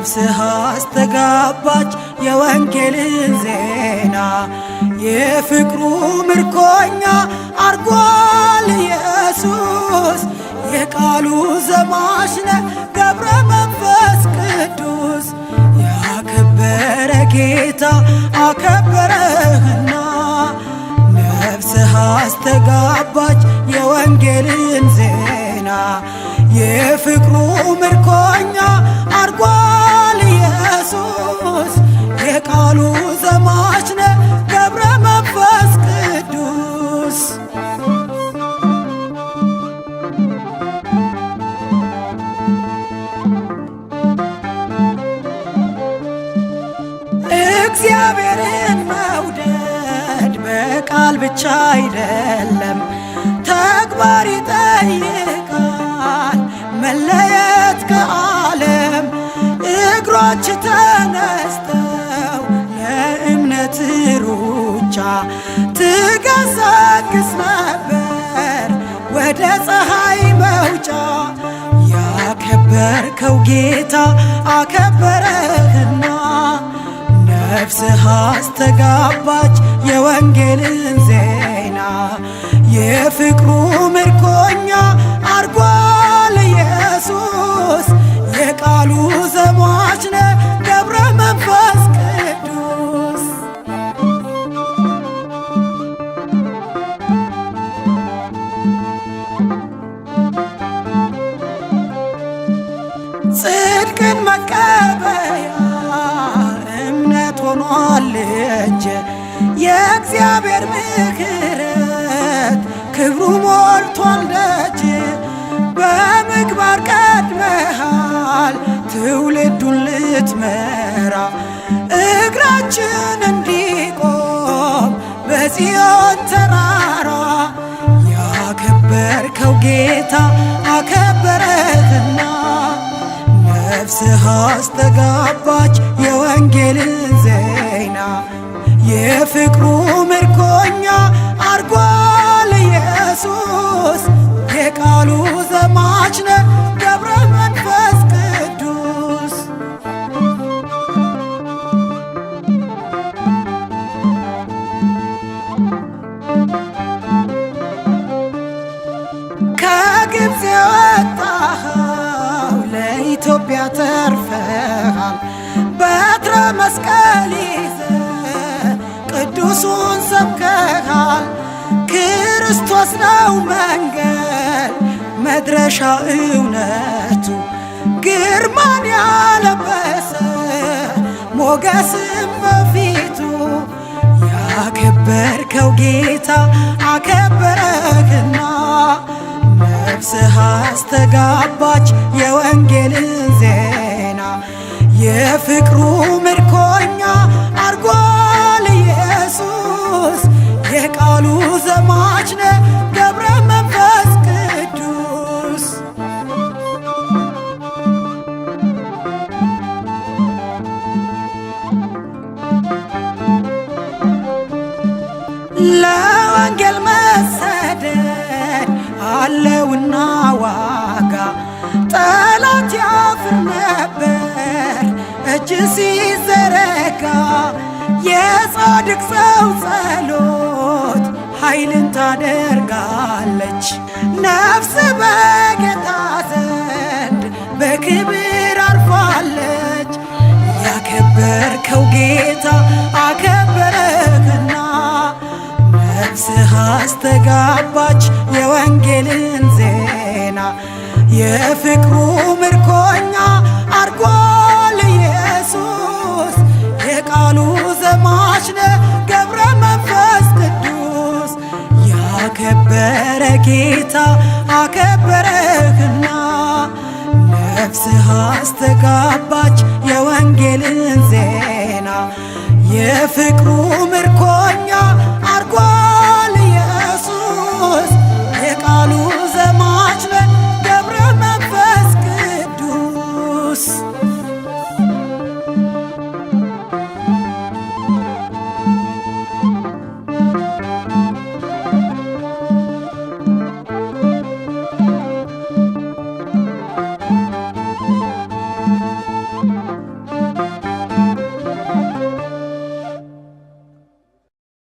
ነፍስህ አስተጋባች የወንጌልን ዜና የፍቅሩ ምርኮኛ አርጓል ኢየሱስ የቃሉ ዘማሽነ ገብረ መንፈስ ቅዱስ ያከበረ ጌታ አከበረህና ነፍስህ አስተጋባች የወንጌልን ዜና የፍቅሩ ምርኮኛ አርጓል ኢየሱስ የቃሉ ዘማች ነ ገብረ መንፈስ ቅዱስ እግዚአብሔርን መውደድ በቃል ብቻ አይደለም ተግባር ይጠይ ከልባች ተነስተው ለእምነት ሩጫ ትገሰግስ ነበር ወደ ፀሐይ መውጫ ያከበርከው ጌታ አከበረህና ነፍስህ አስተጋባች የወንጌልን ዜና የፍቅሩ ምርኮኛ ሆኗል እጄ የእግዚአብሔር ምክረት! ክብሩ ሞልቷል ደጄ በምግባር ቀድመሃል ትውልዱን ልትመራ እግራችን እንዲቆም በጽዮን ተራራ ያከበርከው ጌታ አከበረትና ነፍስህ አስተጋባች የወንጌልን የፍቅሩ ምርኮኛ አርጓል ኢየሱስ የቃሉ ዘማች ነ ገብረ መንፈስ ቅዱስ ከግብፅ የወጣኸው ለኢትዮጵያ ተርፈሃል በትረ መስቀል ክርስቶስ ነው መንገድ መድረሻ እውነቱ ግርማን ያለበሰ ሞገስም በፊቱ ያከበርከው ጌታ አከበረክና ነፍስህ አስተጋባች የወንጌልን ዜና የፍቅሩ ምርኮኛ አርጓል ኢየሱስ አማላጅ ነህ ገብረ መንፈስ ቅዱስ ለወንጌል መሰደድ አለውና ዋጋ ጠላት ያፍር ነበር እጅ ሲዘረጋ የጻድቅ ሰው ጸሎት ኃይልን ታደርጋለች ነፍስ በጌታ ዘንድ በክብር አርፋለች። ያከበርከው ጌታ አከበረህና ነፍስህ አስተጋባች የወንጌልን ዜና የፍቅሩ ምርኮኝ ጌታ አከበረህና ነፍስህ አስተጋባች የወንጌልን ዜና የፍቅሩ ምር